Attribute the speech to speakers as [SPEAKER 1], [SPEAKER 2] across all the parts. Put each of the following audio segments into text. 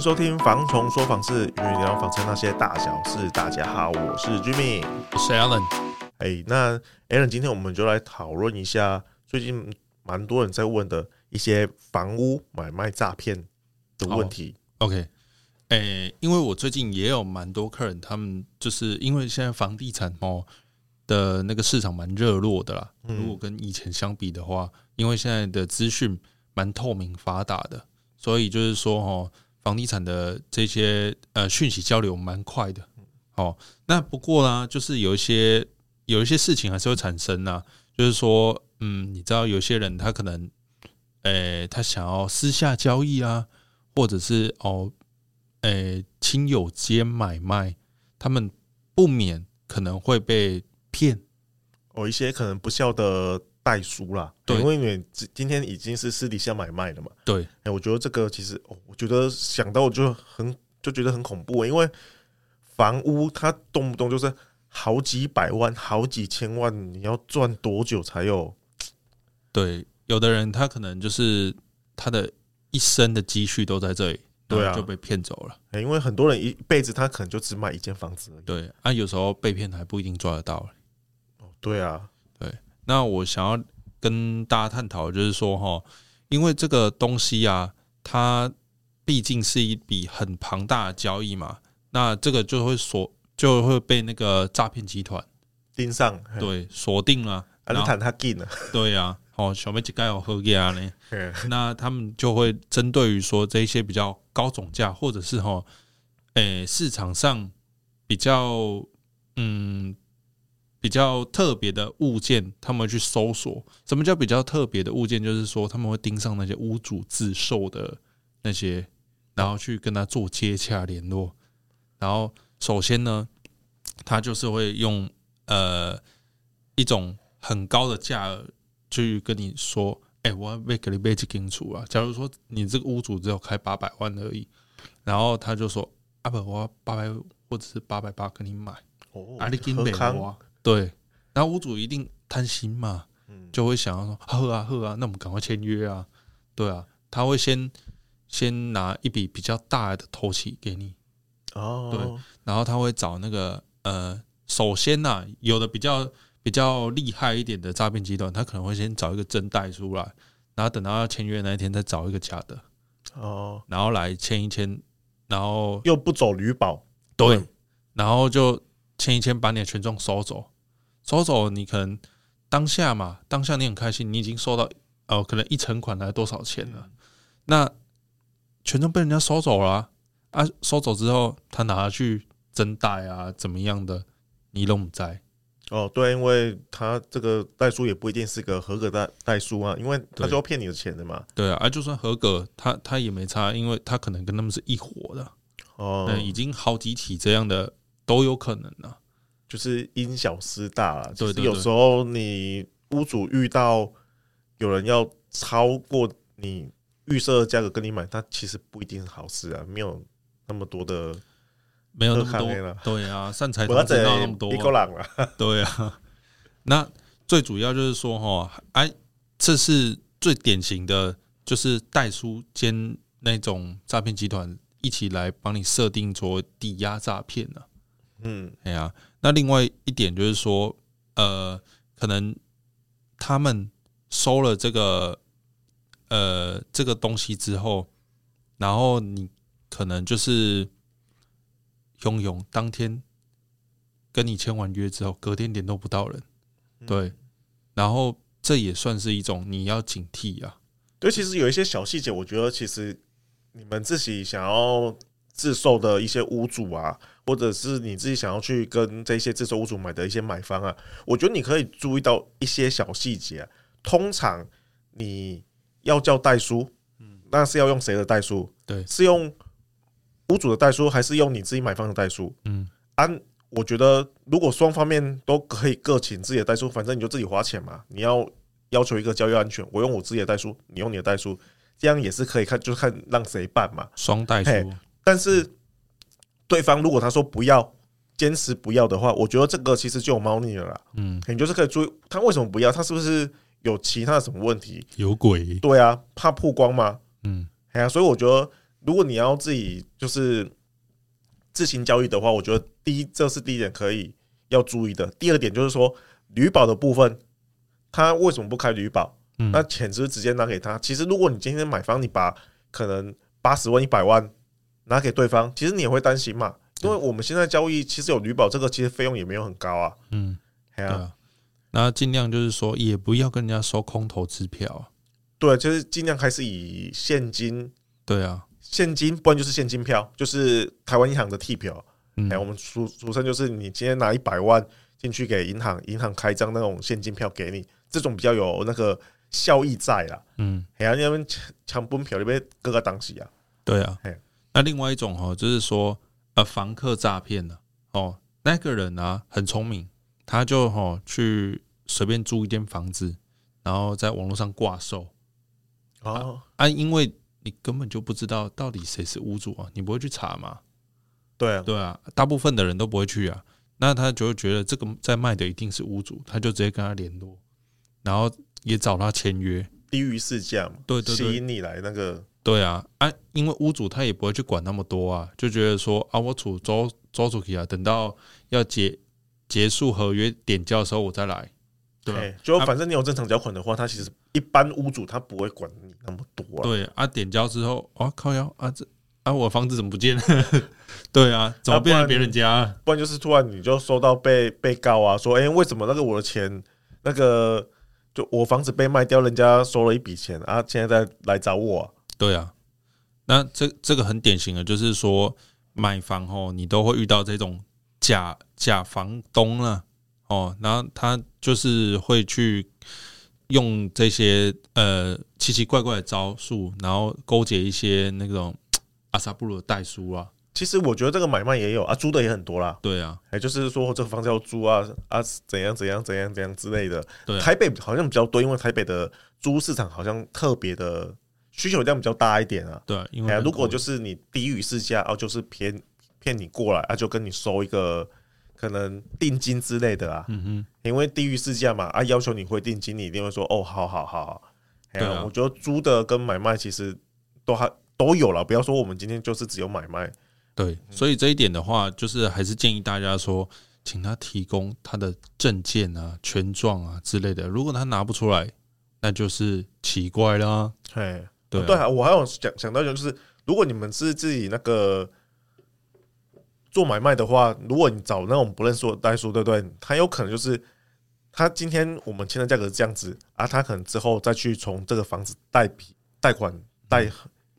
[SPEAKER 1] 收聽房蟲說房事，與你聊房產那些大小事。大家好，我是 Jimmy，我是 Alan。哎、欸，那 Alan，今天我們就來討論一下最近蠻多人在問的一些房屋買賣詐騙的問題。
[SPEAKER 2] Oh, OK，哎、欸，因為我最近也有蠻多客人，他們就是因為現在房地產哦的那個市場蠻熱絡的啦、嗯。如果跟以前相比的話，因為現在的資訊蠻透明發達的，所以就是說齁。房地產的這些呃訊息交流蠻快的，哦。那不過呢，就是有一些有一些事情還是會產生吶、啊，嗯、就是說，嗯，你知道有些人他可能，誒、欸，他想要私下交易啊，或者是哦，誒、欸，親友間買賣，他們不免可能會被騙、哦，有一些可能不孝的代書啦，
[SPEAKER 1] 對，因為你今天已經是私底下買賣了嘛。對，哎，我覺得這個其實，哦，我覺得想到我就很就覺得很恐怖、欸，因為房屋它動不動就是
[SPEAKER 2] 好幾百萬、好幾千萬，你要賺多久才有？對，有的人他可能就是他的一生的積蓄都在這裡，對啊，就被騙走了。
[SPEAKER 1] 因為很多人一輩子他可能就只買一間房子而已。對，
[SPEAKER 2] 啊，有時候被騙還不一定抓得到哦、欸，對啊。那我想要跟大家探討，就是說哈，因為這個東西啊，它畢竟是一筆很龐大的交易嘛，那這個就會鎖，就會被那個詐騙集團盯上，對，鎖定了、啊，啊你看他進了對啊，哦、喔，小妹吉蓋要喝呀嘞， 那他們就會針對於說這一些比較高總價，或者是哈，誒、欸，市場上比較，嗯。比較特別的物件，他們去搜索。什麼叫比較特別的物件？就是說他們會盯上那些屋主自售的那些，然後去跟他做接洽聯絡。然後首先呢，他就是會用呃一種很高的價額去跟你說：“哎、欸，我要被隔離被清除啊！”假如說你這個屋主只有開八百萬而已，然後他就說：“啊不，我要八百或者是八百八跟你買。”哦，阿里金美我。對，然後屋主一定貪心嘛，嗯、就會想要說，好啊好啊，那我們趕快簽約啊，對啊，他會先先拿一筆比較大的頭期給你，哦，對，然後他會找那個呃，首先吶、啊，有的比較比較厲害一點的詐騙集團，他可能會先找一個真貸出來，然後等到要簽約那一天再找一個假的，哦然簽簽，然後來簽一簽，然後又不走履保，對，嗯、然後就簽一簽，把你的權狀收走。收走，你可能當下嘛，當下你很開心，你已經收到哦、呃，可能一成款來多少錢了。那全都被人家收走了啊！啊收走之後，他拿去增貸啊，怎麼樣的？你都不在
[SPEAKER 1] 哦，對，因為他這個代書也不一定是個合格的代
[SPEAKER 2] 書啊，因為他就要騙你的錢的嘛，對。對啊，而、啊、就算合格，他他也沒差，因為他可能跟他們是一夥的哦。已經好幾起這樣的都有可能了。
[SPEAKER 1] 就是因小失大了，對對對，就是有時候你屋主遇到有人要超過你預設的價格跟你買，它其實不一定是好事啊，沒有那麼多的，的沒有那麼多，對啊，善財多，不要整那麼多，立過浪
[SPEAKER 2] 了，對啊。那最主要就是說哈，哎，這是最典型的就是代書兼那種詐騙集團一起來幫你設定做抵押詐騙啊。嗯，哎呀，那另外一點就是說，呃，可能他們收了這個，呃，這個東西之後，然後你可能就是，擁有當天跟你簽完約之後，隔天聯絡都不到人，嗯、對，然後這也算是一種你要警惕啊，
[SPEAKER 1] 對，其實有一些小細節，我覺得其實你們自己想要。自售的一些屋主啊，或者是你自己想要去跟這些自售屋主買的一些買方啊，我覺得你可以注意到一些小細節。通常你要叫代書，嗯，那是要用誰的代書？對，是用屋主的代書，還是用你自己買方的代書？嗯，按我覺得如果雙方面都可以各請自己的代書，反正你就自己花錢嘛。你要要求一個交易安全，我用我自己的代書，你用你的代書，這樣也是可以看，就是看讓誰辦嘛。雙代書。但是對方如果他說不要，堅持不要的話，我覺得這個其實就有貓膩了啦。嗯，你就是可以注意他為什麼不要，他是不是有其他什麼問題？
[SPEAKER 2] 有鬼？對
[SPEAKER 1] 啊，怕曝光嗎？嗯，哎呀，所以我覺得如果你要自己就是自行交易的話，我覺得第一這是第一點可以要注意的。第二點就是說，旅保的部分，他為什麼不開旅保？嗯，那錢是，是直接拿給他？其實如果你今天買房，你把可能八十萬、一百萬。拿給對方，其實你也會擔心嘛，因為我們現在交易其實有女保，這個其實費用也沒有很高啊。
[SPEAKER 2] 嗯，哎呀、啊啊，那盡量就是說，也不要跟人家收空頭支票、啊。
[SPEAKER 1] 對、啊，就是盡量還是以現金。對啊，現金，不然就是現金票，就是台灣銀行的替票。嗯、啊、我們俗俗稱就是你今天拿一百萬進去給銀行，銀行開張那種現金票給你，這種比較有那個效益在啦。嗯，哎呀、啊，你那邊搶搶本票裡邊各個東西啊。
[SPEAKER 2] 對啊，對啊那另外一種哈，就是說，呃，房客詐騙呢，哦，那個人呢、啊、很聰明，他就哈去隨便租一間房子，然後在網絡上掛售，啊，啊，因為你根本就不知道到底誰是屋主啊，你不會去查嘛，對，啊，對啊，大部分的人都不會去啊，那他就會覺得這個在賣的一定是屋主，他就直接跟他聯絡，然後也找他簽約，
[SPEAKER 1] 低於市價嘛，對，吸引你來那個。
[SPEAKER 2] 對啊，啊，因為屋主他也不會去管那麼多啊，就覺得說啊，我主租租出去啊，等到要結結束合約點交的時候，我再來。對，就、欸、反正你有正常繳款的話、啊，他其實
[SPEAKER 1] 一般屋主他不會管你那麼多、
[SPEAKER 2] 啊。對啊，啊，點交之後啊，靠腰啊這啊，我房子怎麼不見了？ 對啊，怎麼變了別人家、啊
[SPEAKER 1] 不？不然就是突然你就收到被被告啊，說哎、欸，為什麼那個我的錢，那個就我房子被賣掉，人家收了一筆錢啊，現在再來找我、啊。
[SPEAKER 2] 對啊，那這這個很典型的，就是說，買房後、哦、你都會遇到這種假假房東了、啊、哦，然後他就是會去用這些呃奇奇怪怪的招數，然後勾結一些那種阿薩布魯的代書啊。
[SPEAKER 1] 其實我覺得這個買賣也有啊，租的也很多啦。
[SPEAKER 2] 對啊，也，就是說這個房子
[SPEAKER 1] 要租啊啊，怎樣怎樣怎樣怎樣之類的對啊。台北好像比較多，因為台北的租市場好像特別的。需求量比較大一點啊，對啊，因為、啊、如果就是你低於市價哦，就是騙騙你過來啊，就跟你收一個可能定金之類的啊，嗯哼，因為低於市價嘛啊，要求你會定金，你一定會說哦，好好好、啊、對、啊、我覺得租的跟買賣其實都還都有了，不要說我們今天就是只有買賣，
[SPEAKER 2] 對，所以這一點的話，嗯、就是還是建議大家說，請他提供他的證件啊、權狀啊之類的，如果他拿不出來，那就是奇怪啦、啊，對。對
[SPEAKER 1] 啊，我還有想想到就是，如果你們是自己那個做買賣的話，如果你找那種不認識我的代書，對不對？他有可能就是他今天我們簽的價格是這樣子啊，他可能之後再去從這個房子貸筆貸款貸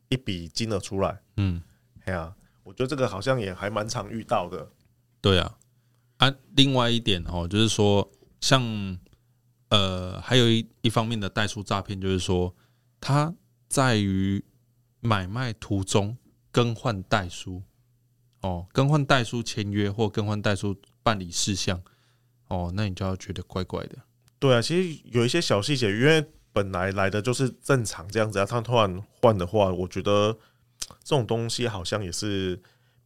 [SPEAKER 1] 一筆金額出來。
[SPEAKER 2] 嗯，
[SPEAKER 1] 哎呀、啊，我覺得這個好像也還蠻常遇到的。
[SPEAKER 2] 對啊，啊，另外一點哦、喔，就是說像呃，還有一一方面的代書詐騙，就是說他。在於買賣途中更換代書哦，更換代書簽約或更換代書辦理事項哦，那你就要覺得怪怪的。對啊，其實有一些小細節，因為本
[SPEAKER 1] 來來的就是正常這樣子啊，他們突然換的話，我覺得這種東西好像也是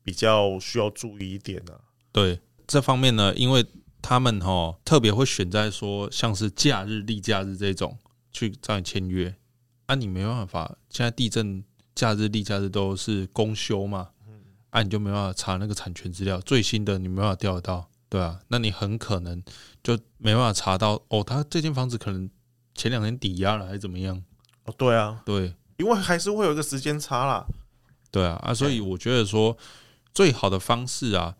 [SPEAKER 1] 比較需要注意一點的啊。
[SPEAKER 2] 對這方面呢，因為他們哦特別會選在說像是假日、例假日這種去再簽約。啊，你沒辦法，現在地震假日、例假日都是公休嘛，嗯，啊，你就沒辦法查那個產權資料最新的，你沒辦法調得到，對啊，那你很可能就沒辦法查到哦，他這間房子可能前兩年抵押了，還是怎麼樣？哦，對啊，對，
[SPEAKER 1] 因為還是會有一個時間差啦，
[SPEAKER 2] 對啊，啊，所以我覺得說最好的方式啊，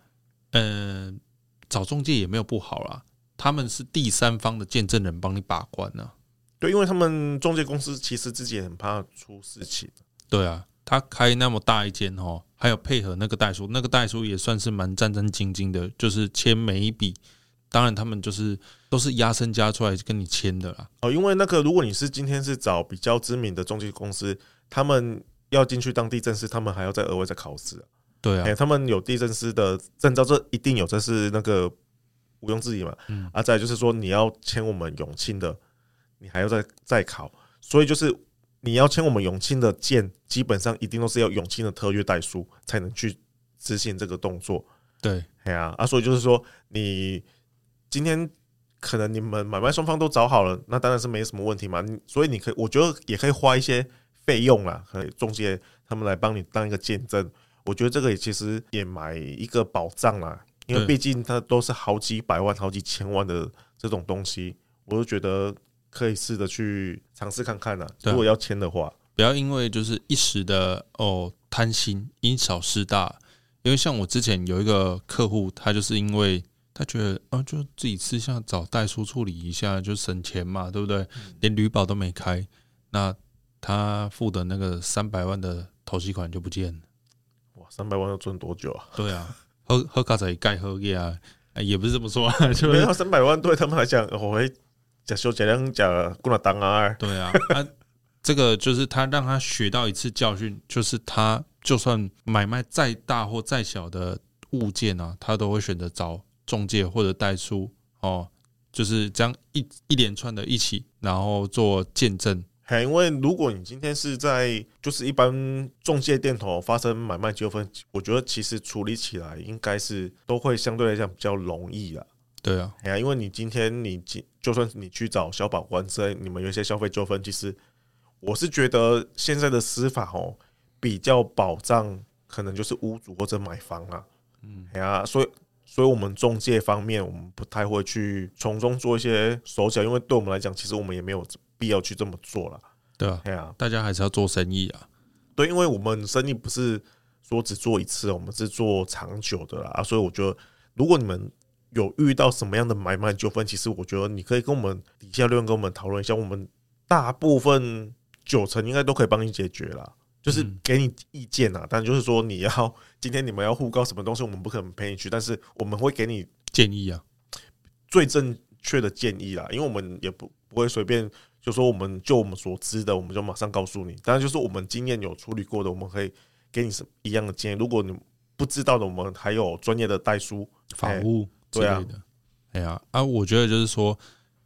[SPEAKER 2] 嗯，找中介也沒有不好啦，他們是第三方的見證人，幫你把關呢、啊。
[SPEAKER 1] 對，因為他們中介公司其實自己也很怕出事情。
[SPEAKER 2] 對啊，他開那麼大一間哦，還有配合那個代書，那個代書也算是蠻戰戰兢兢的，就是簽每一筆，當然他們就是都是押身家出來跟你簽的啦。
[SPEAKER 1] 哦，因為那個如果你是今天是找比較知名的中介公司，他們要進去當地政士，他們還要再額外再考試。對啊，他們有地政士的證照，這一定有，這是那個毋庸置疑嘛。嗯，啊，再就是說你要簽我們永慶的。你還要再再考，所以就是你要簽我們永慶的件，基本上一定都是要永慶的特約代書才能去執行這個動作。對，對啊，啊，所以就是說，你今天可能你們買賣雙方都找好了，那當然是沒什麼問題嘛。所以你可以，我覺得也可以花一些費用啦，可以中介他們來幫你當一個見證。我覺得這個也其實也買一個保障啦，因為畢竟它都是好幾百萬、好幾千萬的這種東西，我就覺得。可以試着去嘗試看看呢、啊啊。如果要
[SPEAKER 2] 簽的話，不要因為就是一時的哦貪心，因小失大。因為像我之前有一個客戶，他就是因為他覺得啊、呃，就自己私下找代書處理一下，就省錢嘛，對不對？嗯、連旅保，都沒開，那他付的那個三百萬的頭期款就不見了。哇，三百萬要賺多久啊？對啊，喝喝咖仔蓋喝嘢啊、欸，也不是這麼說啊。就三、是、百萬對他們來講，我會。假說這樣假孤拿當啊！對啊，他、 啊、這個就是他讓他學到一次教訓，就是他就算買賣再大或再小的物件啊，他都會選擇找中介或者代書哦，就是這樣一一連串的一起，然後做見
[SPEAKER 1] 證嘿。因為如果你今天是在就是一般中介店頭發生買賣糾紛，我覺得其實處理起來應該是都會相對來講比較容易啊。對啊，因為你今天你今就算你去找消保官，之你們有一些消費糾紛，其實我是覺得現在的司法哦、喔、比較保障，可能就是屋主或者買房啊，嗯，
[SPEAKER 2] 哎、
[SPEAKER 1] 啊、所以所以我們仲介方面，我們不太會去從中做一些手腳，因為對我們來講，其實我們也沒有必要去這麼做了。
[SPEAKER 2] 對啊，對啊，大家還是要做生意啊。
[SPEAKER 1] 對，因為我們生意不是說只做一次，我們是做長久的啦。啊，所以我覺得如果你們。有遇到什麼樣的買賣糾紛？其實我覺得你可以跟我們底下留言跟我們討論一下，我們大部分九成應該都可以幫你解決啦。就是給你意見啦，但就是說你要今天你們要互告什麼東西，我們不可能陪你去，但是我們會給你建議啊，最正確的建議啦。因為我們也不不會隨便就是說我們就我們所知的，我們就馬上告訴你。當然就是我們經驗有處理過的，我們可以給你什一樣的建議。如果你不知道的，我們還有專業的代書法務。對、啊、
[SPEAKER 2] 之類的。哎呀啊，我覺得就是說，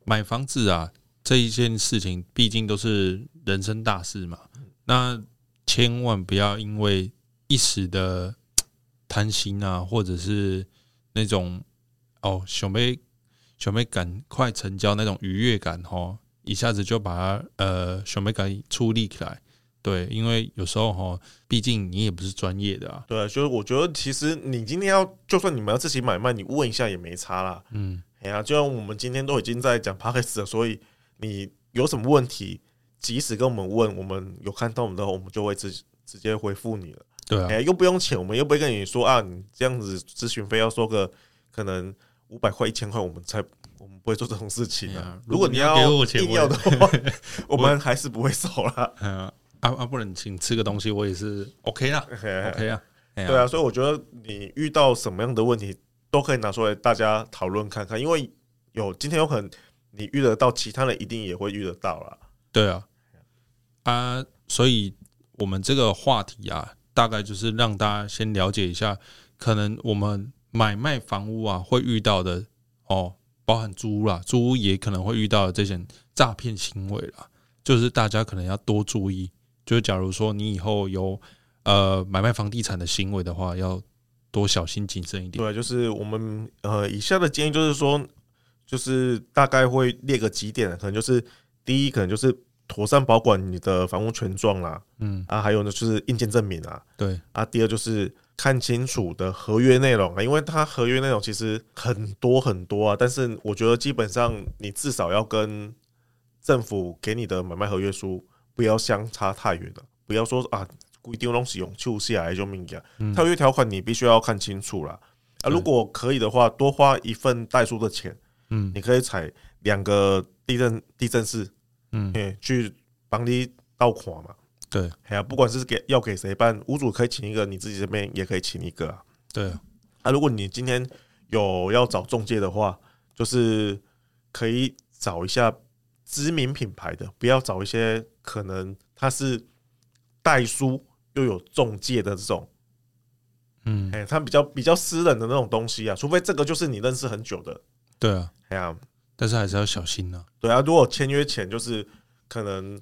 [SPEAKER 2] 買房子啊這一件事情，畢竟都是人生大事嘛，那千萬不要因為一時的貪心啊，或者是那種哦，小妹小妹趕快成交那種愉悅感哦，一下子就把它呃小妹給處理起來。對，因為有時候哈，畢竟你也不是專業的啊。
[SPEAKER 1] 對，所以我覺得其實你今天要，就算你們要自己買賣，你問一下也沒差啦。嗯、啊，哎呀，就像我們今天都已經在講 Podcast 了，所以你有什麼問題，即使跟我們問，我們有看到我們，我們就會直直接回復你了。對哎、啊啊，又不用錢，我們又不會跟你說啊，你這樣子諮詢費要收個可能五百塊、一千
[SPEAKER 2] 塊，我們才我們不會做這種事情啊。啊如果你要給我錢一定要的話， 我，我們還是不會收了。啊啊，不然，請吃個東西，我也是 OK 啦嘿嘿嘿，OK 啦啊，對啊，所
[SPEAKER 1] 以我覺得你遇到什麼樣的問題，都可以拿出來大家討論看看，因為有今天有可能你遇得到，其他人一定也會遇得到啦
[SPEAKER 2] 對、啊。對啊，啊，所以我們這個話題啊，大概就是讓大家先了解一下，可能我們買賣房屋啊，會遇到的哦，包含租屋啦，租屋也可能會遇到的這些詐騙行為啦，就是大家可能要多注意。就是假如說你以後有呃買賣房地產的行為的話，要多小心謹慎一點。
[SPEAKER 1] 對啊，就是我們
[SPEAKER 2] 呃以下的建議，就是
[SPEAKER 1] 說，就是大概會列個幾點，可能就是第一，可能就是妥善保管你的房屋權狀啦，嗯啊，還有呢就是印鑑證明啊，對啊，第二就是看清楚的合約內容啊，因為它合約內容其實很多很多啊，但是我覺得基本上你至少要跟政府給你的買賣合約書，不要相差太遠了，不要說啊，規定東西用就寫 a 來救命藥。嗯，特約條款你必須要看清楚了啊。如果可以的話，多花一份代書的錢，嗯，你可以採兩個地震地震師，嗯，去幫你倒款嘛。對，哎呀，不管是給要給誰辦，屋主可以請一個，你自己這邊也可以請一個啊。對，啊，啊，如果你今天有要找仲介的話，就是可以找一下。知名品牌的，不要找一些可能他是代書又有中介的這種，嗯，哎、欸，他比較比較私人的那種東西啊，除非這個就是你認識很久的，
[SPEAKER 2] 對啊，哎、嗯、呀，但是還是要小心呢、啊。
[SPEAKER 1] 對啊，如果簽約前就是可能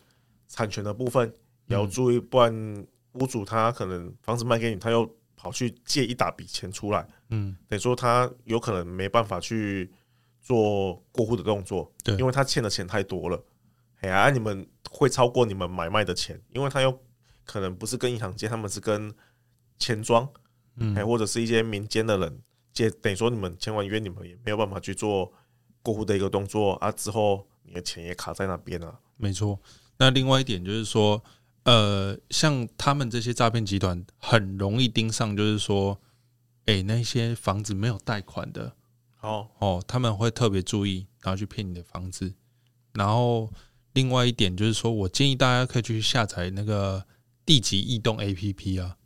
[SPEAKER 1] 產權的部分要注意，不然屋主他可能房子賣給你，他又跑去借一大筆錢出來，嗯，等於說他有可能沒辦法去。做過戶的動作，對，因為他欠的錢太多了，哎呀、啊，你們會超過你們買賣的錢，因為他又可能不是跟銀行借，他們是跟錢莊，嗯，或者是一些民間的人借，等於說你們簽完約你們也沒有辦法去做過戶的一個動作啊，之後你的錢也卡在那邊了、啊。
[SPEAKER 2] 沒錯，那另外一點就是說，呃，像他們這些詐騙集團很容易盯上，就是說，哎、欸，那些房子沒有貸款的。哦哦，他們會特別注意，然後去騙你的房子。然後另外一點就是說，我建議大家可以去下載那個地籍異動 APP 啊。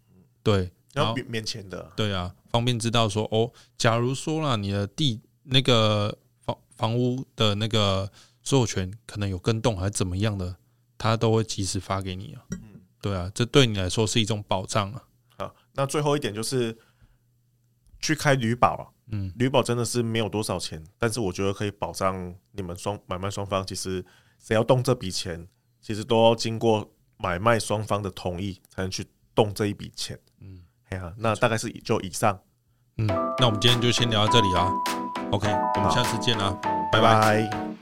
[SPEAKER 2] 對，然後免免錢的。對啊，方便知道說哦，假如說了你的地那個房房屋的那個所有權可能有更動還是怎麼樣的，他都會及時發給你啊。嗯，對啊，這對你來說是一種保障啊。好，那
[SPEAKER 1] 最後一點就是去開履保。嗯，履保真的是沒有多少錢，但是我覺得可以保障你們雙買賣雙方。其實誰要動這筆錢，其實都要經過買賣雙方的同意才能去動這一筆錢。嗯，嘿啊，那大概是就以上。嗯，那我們今天就先聊到這裡啊。OK，我們下次見啦，
[SPEAKER 2] 拜拜。拜拜。